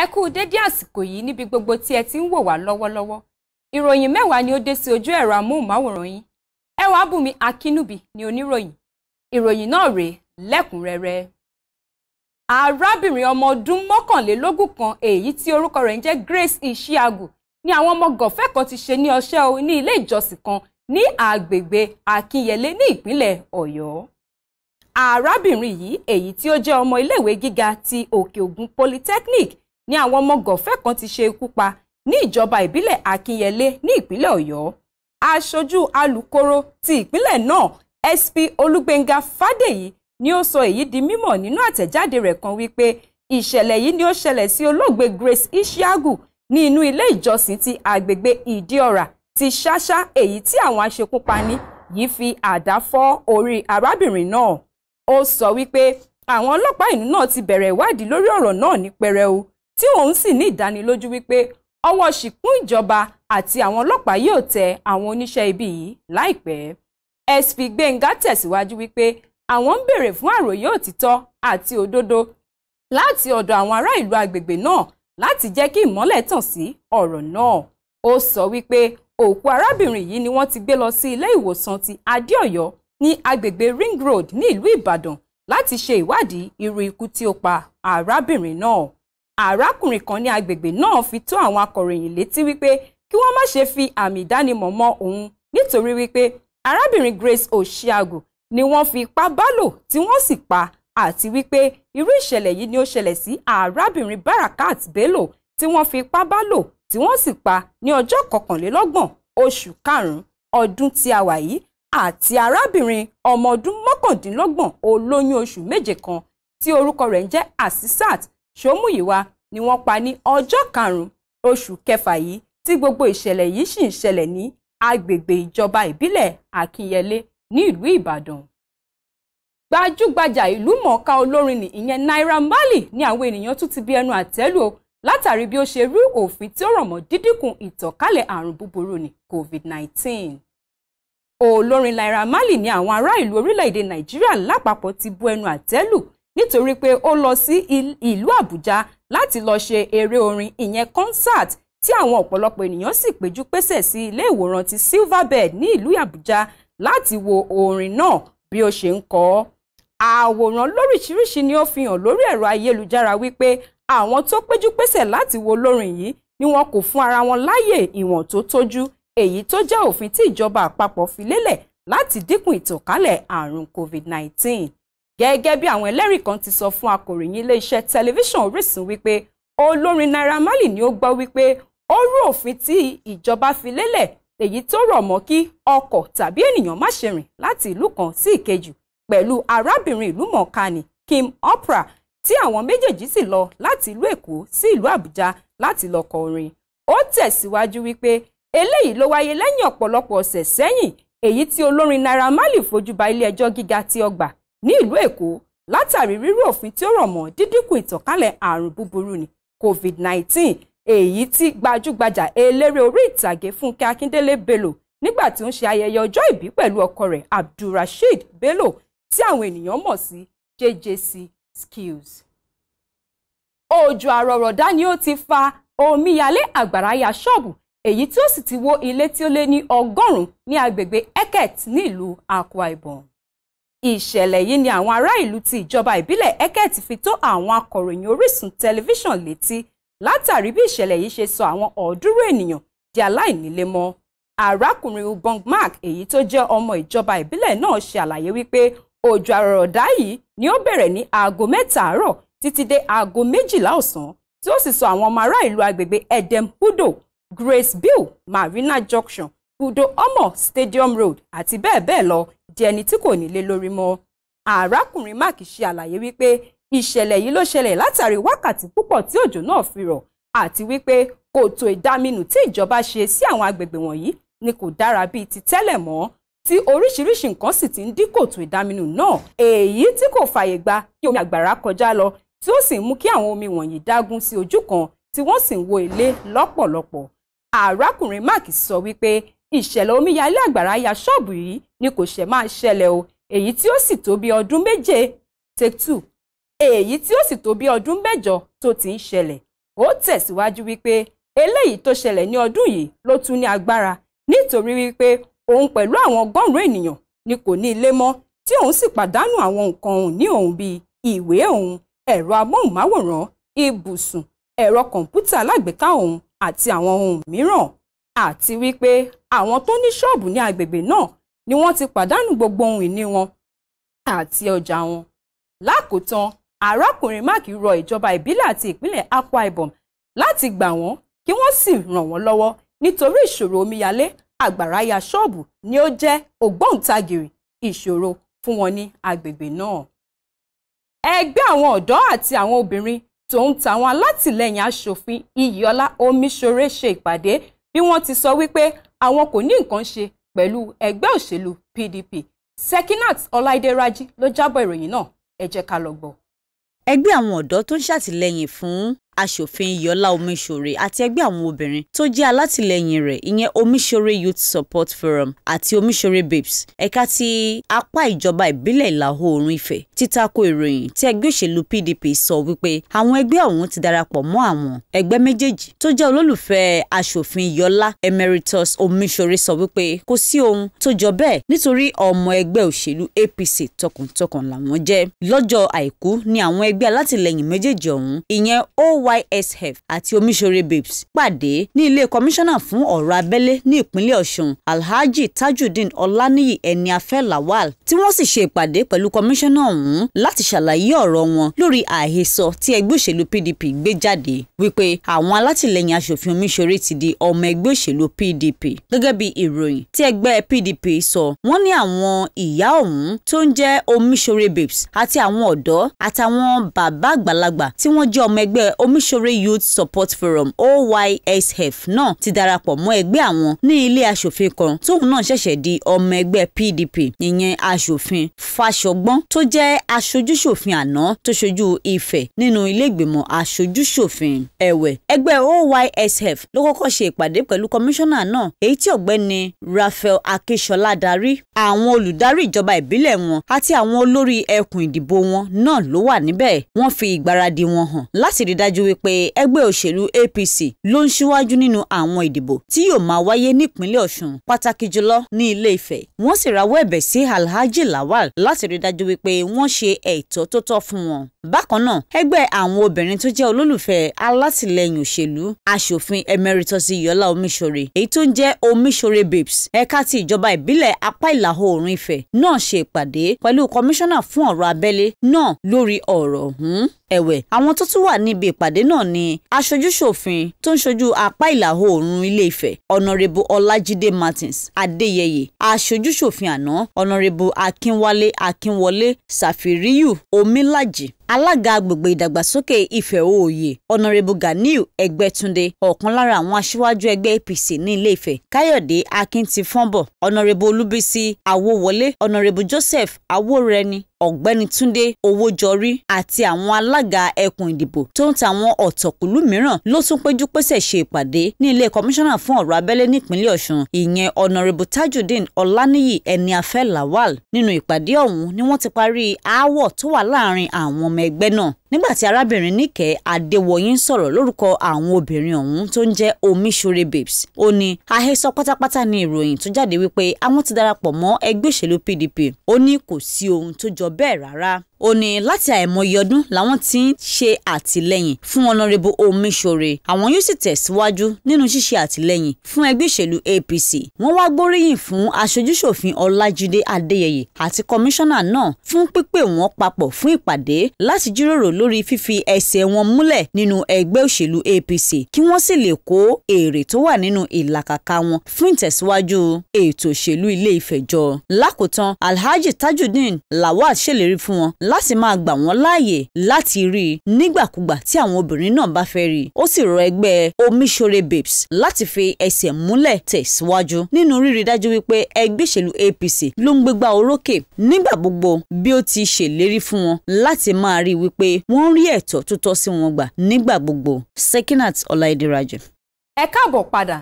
ẹ kú dédé àsìkò yìí níbi gbogbo tí ẹ ti ń wò wá lọ́wọ́lọ́wọ́ ìròyìn mẹ́wàá ni ó dé sí ojú ẹ̀rọ amóhùnmáwòrán yín ẹwà bùnmi akínúbì ni oníròyìn ìròyìn náà rèé lẹ́kùnrẹ́rẹ́ arábìnrin ọmọ ọdún mọ́kànlélógún kan èyí tí orúkọ rẹ̀ ń jẹ́ Grace Ishiagu ni àwọn ọmọ gọ̀fẹ́ kan ti ṣe ní ọṣẹ́ o ní ilé ìjọsìn kan ní àgbègbè Akínyẹlé ní ìpínlẹ̀ Ọ̀yọ́ arábìnrin yìí èyí tí ó jẹ́ ọmọ iléèwé gíga ti Òkè Ògùn Polytechnic ni àwọn ọmọ gọ̀fẹ́ kan ti ṣe ikú pa ní ìjọba ìbílẹ̀ Akínyẹlé ní ìpínlẹ̀ Ọ̀yọ́ aṣojú alùkóró ti ìpínlẹ̀ náà SP Olúgbéngà Fádèyí ni ó sọ èyí di mímọ̀ nínú àtẹ̀jáde rẹ̀ kan wípé ìṣẹ̀lẹ̀ yìí ni ó ṣẹlẹ̀ sí olóògbé Grace Ishiagu ní inú ilé ìjọsìn ti agbègbè Ìdíọ̀rà ti Ṣáṣá èyí tí àwọn aṣekúpani yìí fi àdá fọ́ orí arábìnrin náà ó sọ wípé àwọn ọlọ́pàá ìlú náà ti bẹ̀rẹ̀ ìwádìí lórí ọ̀rọ̀ náà ní pẹrẹu tí òun sì ní ìdánilójú wípé ọwọ́ ṣìkún ìjọba àti àwọn ọlọ́pàá yóò tẹ àwọn oníṣẹ́ ibi yìí láìpẹ́ sp gbẹ̀ngà tẹ̀síwájú wípé àwọn ń béèrè fún àròyé òtítọ́ àti òdodo láti ọ̀dọ̀ àwọn ará ìlú agbègbè náà láti jẹ́ kí ìmọ́lẹ̀ tàn sí ọ̀rọ̀ náà ó sọ wípé òkú arábìnrin yìí ni wọ́n ti gbé lọ sí ilé ìwòsàn ti adéọ̀yọ́ ní agbègbè ring road ní ìlú ìbàdàn láti ṣe ìwádìí irú ikú tí ó pa arábìnrin náà arákùnrin kan ní agbègbè náà fi tó àwọn akọ̀ròyìn létí wípé kí wọ́n má ṣe fi àmì ìdánimọ̀ mọ òun nítorí wípé arábìnrin Grace Oṣiagu ni wọ́n fi ipá bá lò tí wọ́n sì pa àti wípé irú ìṣẹ̀lẹ̀ yìí ni ó ṣẹlẹ̀ sí arábìnrin Barakat Bello tí wọ́n fi ipá bá lò tí wọ́n sì pa ní ọjọ́ kọkànlélọ́gbọ̀n oṣù karùn-ún ọdún tí a wà yìí àti arábìnrin ọmọ ọdún mọ́kàndínlọ́gbọ̀n olóyún oṣù méje kan tí orúkọ rẹ̀ ń jẹ́ Asisat Ṣòmùyíwá ni wọ́n pa ní ọjọ́ karùn-ún oṣù kẹfà yìí tí gbogbo ìṣẹ̀lẹ̀ yìí sì ń ṣẹlẹ̀ ní agbègbè ìjọba ìbílẹ̀ Akínyẹlé ní ìlú Ìbàdàn. Gbajúgbajà ìlú mọ̀ọ́ká olórin ni ìyẹn Naira Marley ni àwọn ènìyàn tún ti bí ẹnu àtẹ́lù o látàrí bí ó ṣe rú òfin tí ó rọ̀ mọ́ dídínkù ìtànkálẹ̀ àrùn búburú ní COVID-19. Olórin Naira Marley ni àwọn ará ìlú orílẹ̀-èdè Nàìjíríà lápapọ̀ ti bu ẹnu àtẹ́lù nítorí pé ó lọ sí ìlú Àbújá láti lọ ṣe eré orin ìyẹn concert tí àwọn ọ̀pọ̀lọpọ̀ ènìyàn sì péjú pésẹ̀ sí ilé ìwòran ti Silverbird ní ìlú Àbújá láti wo orin náà bí ó ṣe ń kọ ọ́. àwòrán lóríṣiríṣi ni ó fi hàn lórí ẹ̀rọ ayélujára wípé àwọn tó péjú pésẹ̀ láti wo olórin yìí ni wọn kò fún ara wọn láyè ìwọ̀n tó tójú èyí tó jẹ́ òfin tí ìjọba àpapọ̀ fi lélẹ̀ láti dínkù ìtànkálẹ̀ àrùn COVID-19 gẹ́gẹ́ bí àwọn ẹlẹ́rìí kan ti sọ fún akọ̀ròyìn iléeṣẹ́ tẹlifíṣàn Orísun wípé olórin Naira Marley ni ó gbọ́ wípé ó rú òfin tí ìjọba fi lélẹ̀ èyí tó rọ̀ mọ́ kí ọkọ̀ tàbí ènìyàn má ṣe rìn láti ìlú kan sí ìkejì pẹ̀lú arábìnrin ìlú mọ̀ọ́kánì Kim opera, tí àwọn méjèèjì sì lọ láti ìlú Èkó sí ìlú Àbújá láti lọ kọ orin ó tẹ̀síwájú wípé eléyìí ló wáyé lẹ́yìn ọ̀pọ̀lọpọ̀ ọ̀sẹ̀ sẹ́yìn èyí tí olórin Naira Marley fojú ba ilé ẹjọ́ gíga ti ọgbà ní ìlú Èkó látàrí rírú òfin tí ó rọ̀ mọ́ dídínkù ìtànkálẹ̀ àrùn búburú ní COVID-19 èyí tí gbajúgbajà eléré orí ìtàgé Fúnkẹ́ Akíndélé Bello nígbà tí ó ń ṣe ayẹyẹ ọjọ́ ìbí pẹ̀lú ọkọ rẹ̀ Abdulrasheed Bello tí àwọn ènìyàn mọ̀ sí JJC Skills. Òjò àrọ̀rọ̀dá ni ó ti fa omíyalé àgbàráyà ṣọ́ọ̀bù èyí tí ó sì ti wó ilé tí ó lé ní ọgọ́rùn-ún ní agbègbè Eket ní ìlú Akwa Ibom ìṣẹ̀lẹ̀ yìí ni àwọn ará ìlú ti ìjọba ìbílẹ̀ Eket fi tó àwọn akọ̀ròyìn Orísun tẹlifíṣàn létí látàrí bí ìṣẹ̀lẹ̀ yìí ṣe sọ àwọn ọ̀ọ́dúró ènìyàn di aláìnílé mọ́ arákùnrin Ubong Mark èyí tó jẹ́ ọmọ ìjọba ìbílẹ̀ náà ṣe àlàyé wípé òjò àrọ̀dá yìí ni ó bẹ̀rẹ̀ ní aago mẹ́ta àárọ̀ títí dé aago méjìlá ọ̀sán tí ó sì sọ àwọn ọmọ ará ìlú agbègbè Edem Udo Grace Bill Marina Junction Udo Omo Stadium Road àti bẹ́ẹ̀ bẹ́ẹ̀ lọ di ẹni tí kò nílé lórí mọ́ arákùnrin mark ṣe àlàyé wípé ìṣẹ̀lẹ̀ yìí ló ṣẹlẹ̀ látàrí wákàtí púpọ̀ tí òjò náà fi rọ̀ àti wípé kòtò ìdaminù tí ìjọba ṣe sí àwọn agbègbè wọ̀nyí ni kò dára bíi ti tẹ́lẹ̀ mọ́ tí oríṣiríṣi nǹkan sì ti ń dí kòtò ìdaminù náà èyí tí kò fààyè gba kí omi àgbàrá kọjá lọ tí ó sì ń mú kí àwọn omi wọ̀nyí dágún sí ojú kan tí wọ́n sì ń wo ilé lọ́pọ̀lọpọ̀ arákùnrin mark sọ wípé ìṣẹ̀lẹ̀ omíyalé àgbàrá ya ṣọ́ọ̀bù yìí ni kò ṣẹ̀ máa ṣẹlẹ̀ o èyí tí ó sì tó bí ọdún méje take two èyí tí ó sì tó bí ọdún mẹ́jọ tó ti ń ṣẹlẹ̀ ó tẹ̀síwájú wípé eléyìí tó ṣẹlẹ̀ ní ọdún yìí ló tún ní agbára nítorí wípé òun pẹ̀lú àwọn ọgọ́rùn-ún ènìyàn ni kò ní ilé mọ́ tí òun sì pàdánù àwọn nǹkan òun ní òun bíi ìwé òun ẹ̀rọ amóhùnmáwòrán ibùsùn ẹ̀rọ kọ̀ǹpútà alágbèéká òun àti àwọn ohun mìíràn àti wípé àwọn tó ní ṣọ́ọ̀bù ní agbègbè náà ni wọ́n ti pàdánù gbogbo ohun ìní wọn àti ọjà wọn. lákòótán arákùnrin mark rọ ìjọba ìbílẹ̀ àti ìpínlẹ̀ akwa ibom láti gbà wọ́n kí wọ́n sì ràn wọ́n lọ́wọ́ nítorí ìṣòro omíyalé àgbàrá ya ṣọ́ọ̀bù ni ó jẹ́ ògbóǹtagìrì ìṣòro fún wọn ní agbègbè náà. ẹgbẹ́ àwọn ọ̀dọ́ àti àwọn obìnrin tó ń tàwọn alátìlẹyìn aṣòfin Iyìọ́lá Omíṣọ̀rẹ́ ṣe ìpàdé bí wọ́n ti sọ wípé àwọn kò ní nǹkan ṣe pẹ̀lú ẹgbẹ́ òṣèlú PDP Sekinat Ọláìdé Rájí ló jábọ̀ ìròyìn náà ẹ jẹ́ ká lọ gbọ́. ẹgbẹ́ àwọn ọ̀dọ́ tó ń ṣàtìlẹ́yìn fún aṣòfin yọlá omíṣore àti ẹgbẹ́ àwọn obìnrin tó jẹ́ alátìlẹyìn rẹ̀ ìyẹn omíṣore youth support forum àti omíṣore babes ẹ̀ka ti apá ìjọba ìbílẹ̀ ìlà oòrùn ifẹ̀ títako ìròyìn tí ẹgbẹ́ òṣèlú pdp sọ wípé àwọn ẹgbẹ́ ọ̀hún ti darapọ̀ mọ́ àwọn ẹgbẹ́ méjèèjì tó jẹ́ olólùfẹ́ aṣòfin yọlá emeritus omíṣore sọ wípé kò sí ohun tó jọ bẹ́ẹ̀ nítorí ọmọ ẹgbẹ́ òṣèlú apc tọkàntọkàn làwọn jẹ́ lọ́jọ́ àìkú ni àwọn ẹgbẹ́ alátìlẹyìn méjèèjì ọ̀hún ìyẹn oy NYSF àti Omiṣore Babes pàdé ní ilé kọmíṣánná fún ọ̀rọ̀ abẹ́lé ní ìpínlẹ̀ Ọ̀ṣun Alhaji Tajudeen Ọláníyì Ẹniafẹ́ Lawal tí wọ́n sì ṣe ìpàdé pẹ̀lú kọmíṣánná ọ̀hún láti ṣàlàyé ọ̀rọ̀ wọn lórí àhesọ tí ẹgbẹ́ òṣèlú PDP gbé jáde wípé àwọn alátìlẹyìn aṣòfin Omiṣore ti di ọmọ ẹgbẹ́ òṣèlú PDP gẹ́gẹ́ bí ìròyìn tí ẹgbẹ́ PDP sọ wọ́n ní àwọn ìyá ọ̀hún tó ń jẹ́ Omiṣore Babes àti àwọn ọ̀dọ́ àtàwọn bàbá àgbàlagbà tí wọ́n jẹ́ ọmọ ẹgbẹ́ Omiṣore Omisore Youth Support Forum OYSF náà ti darapọ̀ mọ́ ẹgbẹ́ àwọn ní ilé aṣòfin kan tóun náà ṣẹ̀ṣẹ̀ di ọmọ ẹgbẹ́ PDP ìyẹn aṣòfin Fáṣọgbọ́n tó jẹ́ aṣojúṣòfin àná tó ṣojú Ifẹ̀ nínú ilé ìgbìmọ̀ aṣojúṣòfin ẹ̀wẹ̀ ẹgbẹ́ OYSF ló kọ́kọ́ ṣe ìpàdé pẹ̀lú kọmíṣánná náà èyí tí ọ̀gbẹ́ni Raphael Akínsọlá darí àwọn olùdarí ìjọba ìbílẹ̀ wọn àti àwọn olórí ẹkùn ìdìbò wọn náà ló wà níbẹ̀ wọ́n fi ìgbáradì wọn hàn láti rí dájú wípé ẹgbẹ́ òṣèlú APC ló ń ṣíwájú nínú àwọn ìdìbò tí yóò máa wáyé nípínlẹ̀ Ọ̀ṣun pàtàkì jùlọ ní Ilé Ifẹ̀ wọ́n sì rawọ́ ẹ̀bẹ̀ sí Alhaji Lawal láti rí dájú wípé wọ́n ṣe ẹ̀tọ́ tó tọ́ fún wọn bákan náà ẹgbẹ́ àwọn obìnrin tó jẹ́ olólùfẹ́ alátìlẹyìn òṣèlú aṣòfin emeritus yọlá omíṣore èyí tó ń jẹ́ omíṣore babes ẹ̀ka ti ìjọba ìbílẹ̀ apá ìlà oòrùn ifẹ̀ náà ṣe ìpàdé pẹ̀lú kọmíṣánná fún ọ̀rọ̀ abẹ́lé náà lórí ọ̀rọ̀ ọ̀hún ẹ̀wẹ̀ àwọn tó tún wà níbi ìpàdé náà ni aṣojúṣòfin tó ń ṣojú apá ìlà oòrùn ilé Ifẹ̀ ọ̀nàrẹ́bù ọlájídé martins adéyẹyẹ aṣojúṣòfin àná ọ̀nàrẹ́bù akínwálé akínwọlé ṣàfìríyù omílàjì alága agbègbè ìdàgbàsókè Ifẹ̀ Òòyè ọ̀nàrẹ́bù Ganiu Ẹgbẹ́túndé ọ̀kan lára àwọn aṣíwájú ẹgbẹ́ APC ní ilé Ifẹ̀ Káyọ̀dé Akíntìfọ́nbọ̀ ọ̀nàrẹ́bù Olúbísí Awówọlé ọ̀nàrẹ́bù Joseph Awórẹni ọ̀gbẹ́ni Túndé Owójọrí àti àwọn alága ẹkùn ìdìbò tó ń tàwọn ọ̀tọ̀kùlú mìíràn ló tún péjú pésẹ̀ ṣe ìpàdé ní ilé kọmíṣánná fún ọ̀rọ̀ abẹ́lé nípínlẹ̀ Ọ̀ṣun ìyẹn Honourable Tajudeen Ọláníyì ẹni afẹ́ Lawal nínú ìpàdé ọ̀hún ni wọ́n ti parí aáwọ̀ tó wà láàárín àwọn ọmọ ẹgbẹ́ náà nígbà tí arábìnrin Níkẹ́ Adéwọyìn sọ̀rọ̀ lórúkọ àwọn obìnrin ọ̀hún tó ń jẹ́ Omiṣore Babes ó ní àhesọ pátápátá ni ìròyìn tó jáde wípé àwọn ti darapọ̀ mọ́ ẹgbẹ́ òṣèlú PDP ó ní kò sí ohun tó jọ bẹ́ẹ̀ rárá ó ní láti àìmọye ọdún làwọn ti ń ṣe àtìlẹ́yìn fún ọ̀nàrẹ́bù omiṣore àwọn yóò sì tẹ̀síwájú nínú ṣíṣe àtìlẹ́yìn fún ẹgbẹ́ ìṣèlú APC wọ́n wá gbóríyìn fún aṣojúṣòfin Ọlájídé Adéyẹyẹ àti kọmíṣánná náà fún pípè wọ́n papọ̀ fún ìpàdé láti jíròrò lórí fífi ẹsẹ̀ wọn múlẹ̀ nínú ẹgbẹ́ òṣèlú APC kí wọ́n sì lè kó èrè tó wà nínú ìlàkàkà wọn fún ìtẹ̀síwájú ètò òṣèlú Ilé Ifẹ̀ jọ Alhaji Tajudeen Lawal ṣèlérí fún láti máa gbà wọ́n láàyè láti rí i nígbàkúgbà tí àwọn obìnrin náà bá fẹ́ rí i ó sì rọ ẹgbẹ́ omiṣore babes láti fi ẹsẹ̀ múlẹ̀ tẹ̀síwájú nínú rírí dájú wípé ẹgbẹ́ ìṣèlú APC ló ń gbégbá orókè nígbà gbogbo bí ó ti ṣèlérí fún wọn láti máa rí i wípé wọ́n rí ẹ̀tọ́ tó tọ́ sí wọn gbà nígbà gbogbo Sekinat Ọláìdíraju. ẹ káàbọ̀ padà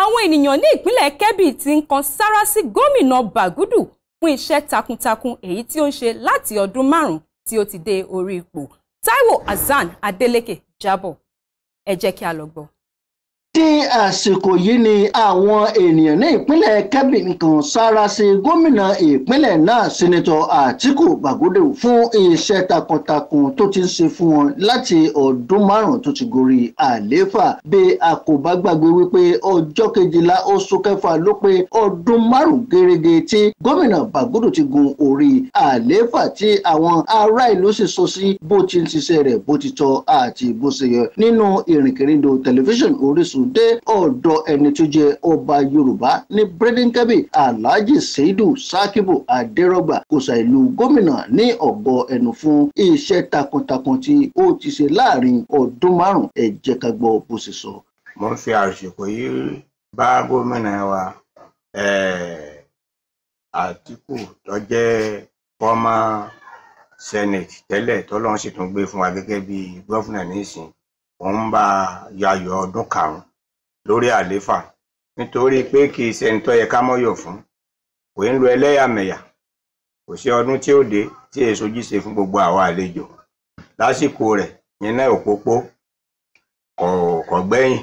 àwọn ènìyàn ní ìpínlẹ̀ Kebbi ti ń kan sára sí gómìnà Bagudu fún iṣẹ́ takuntakun èyí tí ó ń ṣe láti ọdún márùn-ún tí ó ti dé orí ipò Táíwò Hasan Adélékè jábọ̀ ẹ jẹ́ kí a lọ gbọ́ tí àsìkò yìí ni àwọn ènìyàn ní ìpínlẹ̀ Kebbi kan sára sí gómìnà ìpínlẹ̀ náà sẹ́nitọ̀ Àtíkù Bàgúdẹ̀ fún iṣẹ́ takuntakun tó ti ń ṣe fún wọn láti ọdún márùn-ún tó ti gorí àlééfà bí a kò bá gbàgbé wípé ọjọ́ kejìlá oṣù kẹfà ló pé ọdún márùn-ún gẹ́rẹ́gẹ́ tí gómìnà Bàgúdẹ̀ ti gun orí àlééfà tí àwọn ará ìlú sì sọ sí bó ti ń ṣiṣẹ́ rẹ̀ bó ti tọ́ àti bó ṣe yẹ nínú ìrìnkèrindò tẹlifíṣàn Orísun tuntun dé ọ̀dọ̀ ẹni tó jẹ ọba yorùbá ní bredinkebi alhaji seidu sakibu aderọgba kò sà ìlú gómìnà ní ọ̀gọ́ ẹnu fún iṣẹ́ takuntakun tí ó ti ṣe láàrin ọdún márùn-ún ẹ jẹ́ ká gbọ́ bó ṣe sọ. mo fi àsìkò yìí bá gómìnà wa àtìkù tó jẹ́ fọ́mà senate tẹ́lẹ̀ tọ́lọ́run sì tún gbé fún wa gẹ́gẹ́ bí gómìnà nísìn òun bá yayọ̀ ọdún karùn-ún lórí àlééfà nítorí pé kì í ṣẹni tó yẹ ká mọ́yọ̀ fún kò ń lo ẹlẹ́yàmẹ̀yà kò sí ọdún tí ó dé tí èso jíṣe fún gbogbo àwa àlejò lásìkò rẹ̀ yínná òpópó kò gbẹ́yìn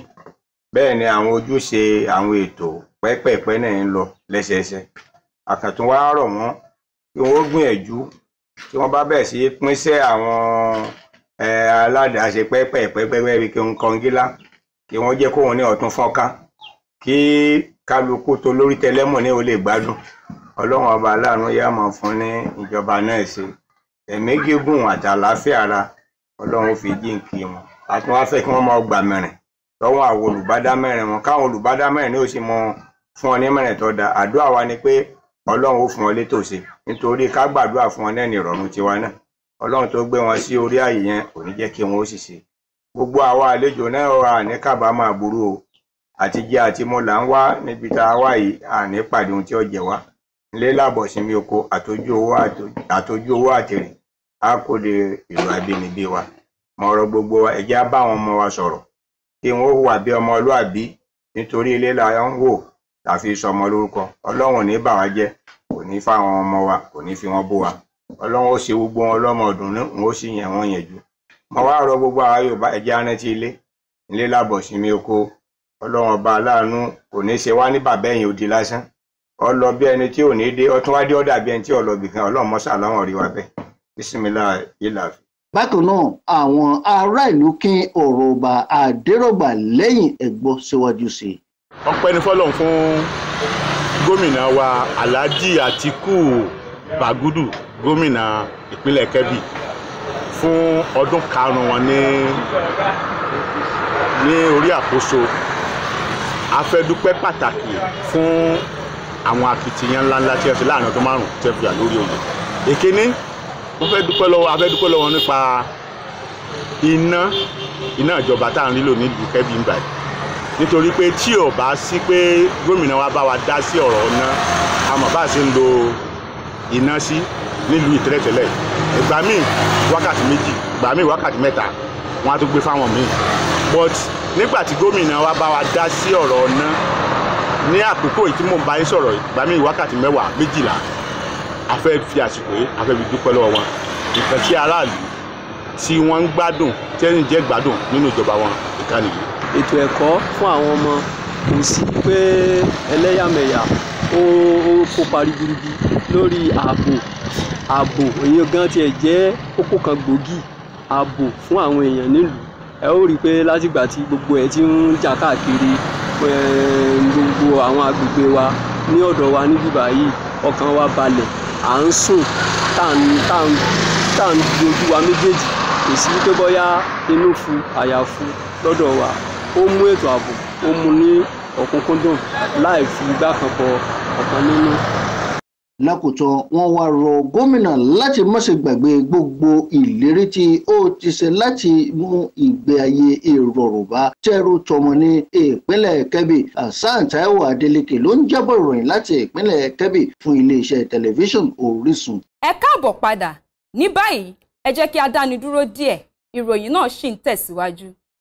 bẹ́ẹ̀ ni àwọn ojúṣe àwọn ètò pẹ́pẹ̀pẹ́ náà ń lọ lẹ́sẹẹsẹ àkàtún wá rọ̀ wọ́n kí wọ́n gbìyànjú tí wọ́n bá bẹ̀rẹ̀ sí pínṣẹ́ àwọn aládàáṣe pẹ́pẹ̀pẹ́ pẹ́pẹ́ bíi kí n kọ́ngílá kí wọ́n jẹ́ kóun ní ọ̀tún fọ́ká kí kálukú tó lórí tẹlẹ́mù ní ó lè gbádùn ọlọ́run ọba aláàánú yá máa fún ní ìjọba náà ṣe ẹ̀mí gígùn àtàlàáfíà ara ọlọ́run fi jíǹkì wọn àti wọn fẹ́ kí wọ́n máa gbà mẹ́rin lọ́wọ́ àwọn olùbádámẹ́rin wọn káwọn olùbádámẹ́rin ní ó sì mọ fún ọ ní mẹ́rin tó da àdúrà wa ni pé ọlọ́run ó fún ọ létòsí nítorí ká gbàdúrà fún ọ náà ní ìrọ̀rùn tiwa náà ọlọ́run tó gbé wọn sí orí àyè yẹn kò ní jẹ́ kí wọn ó sì ṣe gbogbo àwa àlejò náà wà ní kábàámọ̀ àbúrò o àtijẹ àtimú là ń wá níbi tá a wà yìí àní pàdé ohun tí ó jẹ wá nílé làbọ̀sìnmi oko àtọ́jú owó àtọ́jú owó àtẹ̀rẹ̀ á kó de ìlú abínibí wa mo rọ gbogbo wa ẹ jẹ́ á bá àwọn ọmọ wa sọ̀rọ̀ kí wọn hùwà bí ọmọlúàbí nítorí ilé la ń wò tàfi sọmọ lórúkọ ọlọ́run ò ní bà wá jẹ́ kò ní fáwọn ọmọ wa kò ní fi wọn bó wa ọlọ́run ó ṣe gbogbo wọn lọ́mọ ọdún ní òun ó sì yàn wọ́n yẹn jù mo wá rọ gbogbo àwa yorùbá ẹ jẹ́ á rántí ilé ilé lábọ̀ sinmi oko ọlọ́run ọba aláàánú kò ní ṣe wá ní bàbá ẹ̀yìn odi lásán ọ lọ bí ẹni tí ò ní dé ọtún wá dé ọ̀dà bí ẹni tí ò lọ bìkan ọlọ́run mọ́sà láwọn rí wa bẹ́ẹ̀ bísímilà ìlàfi. bákan náà àwọn ará ìlú kín ọ̀rọ̀ ọba àdérọ̀gbà lẹ́yìn ẹ̀gbọ́ síwájú sí i. ọpẹ́ ni fọ́lọ́run fún gómìnà wa alhaji Atiku Bagudu gómìnà ìpínlẹ̀ Kebbi fún ọdún karùn-ún wọn ní ní orí àkóso a fẹ́ dúpẹ́ pàtàkì fún àwọn akitiyan ńláńlá tí ẹ fi láàrin ọdún márùn tẹ fi àlórí oyè èkéní mo fẹ́ dúpẹ́ lọ́wọ́ a fẹ́ dúpẹ́ lọ́wọ́ nípa iná iná ìjọba tá à ń rí lò nílùú kẹ́bí ń báyìí nítorí pé tí ò bá sí pé gómìnà wa bá wa dá sí ọ̀rọ̀ ọ̀nà àmọ́ bá a ṣe ń lo iná sí nílùú ìtẹ́lẹ̀tẹ́lẹ̀ ìgbà míì wákàtí méjì ìgbà míì wákàtí mẹ́ta wọ́n á tún gbé fáwọn míì but nígbà tí gómìnà wa bá wa dá sí ọ̀rọ̀ ọ̀nà ní àkókò yìí tí mò ń bá yín sọ̀rọ̀ ìgbà míì wákàtí mẹ́wàá méjìlá a fẹ́ fi àsìkò yìí a fẹ́ fi dúpẹ́ lọ́wọ́ wọn nǹkan tí aráàlú tí wọ́n ń gbádùn tẹ́yìn jẹ́ gbádùn nínú ìjọba wọn ìkànnì yìí. ètò ẹ̀kọ́ fún àwọn ọmọ kò sí pé ẹlẹ́yàmẹ̀yà ó kópa ribiribi lórí ààbò ààbò èyí gan tiẹ̀ jẹ́ kókó kan gbòógì ààbò fún àwọn èèyàn nílùú ẹ ó rí i pé látìgbà tí gbogbo ẹ̀ ti ń jà káàkiri eh, gbogbo àwọn agbègbè wa ní ọ̀dọ̀ wa níbí báyìí ọkàn wa balẹ̀ à ń sùn tá à ń dojú wa méjèèjì kò sí pé bóyá inú fu àyà fu lọ́dọ̀ wa ó mú ètò ààbò ó mú ní ọ̀kúnkúndùn láì fi igbá kan bọ ọ̀kan nínú lákòótán wọ́n wá rọ gómìnà láti má ṣe gbàgbé gbogbo ìlérí tí ó ti ṣe láti mú ìgbé ayé ìrọ̀rùn bá tẹ́rù tọmọ ní ìpínlẹ̀ Kebbi Hasan Taiwo Adeleke ló ń jábọ̀ ìròyìn láti ìpínlẹ̀ Kebbi fún iléeṣẹ́ tẹlifíṣàn Orísun. ẹ káàbọ̀ padà ní báyìí ẹ jẹ́ kí a dáni dúró díẹ̀ ìròyìn náà ṣì ń tẹ̀síwájú.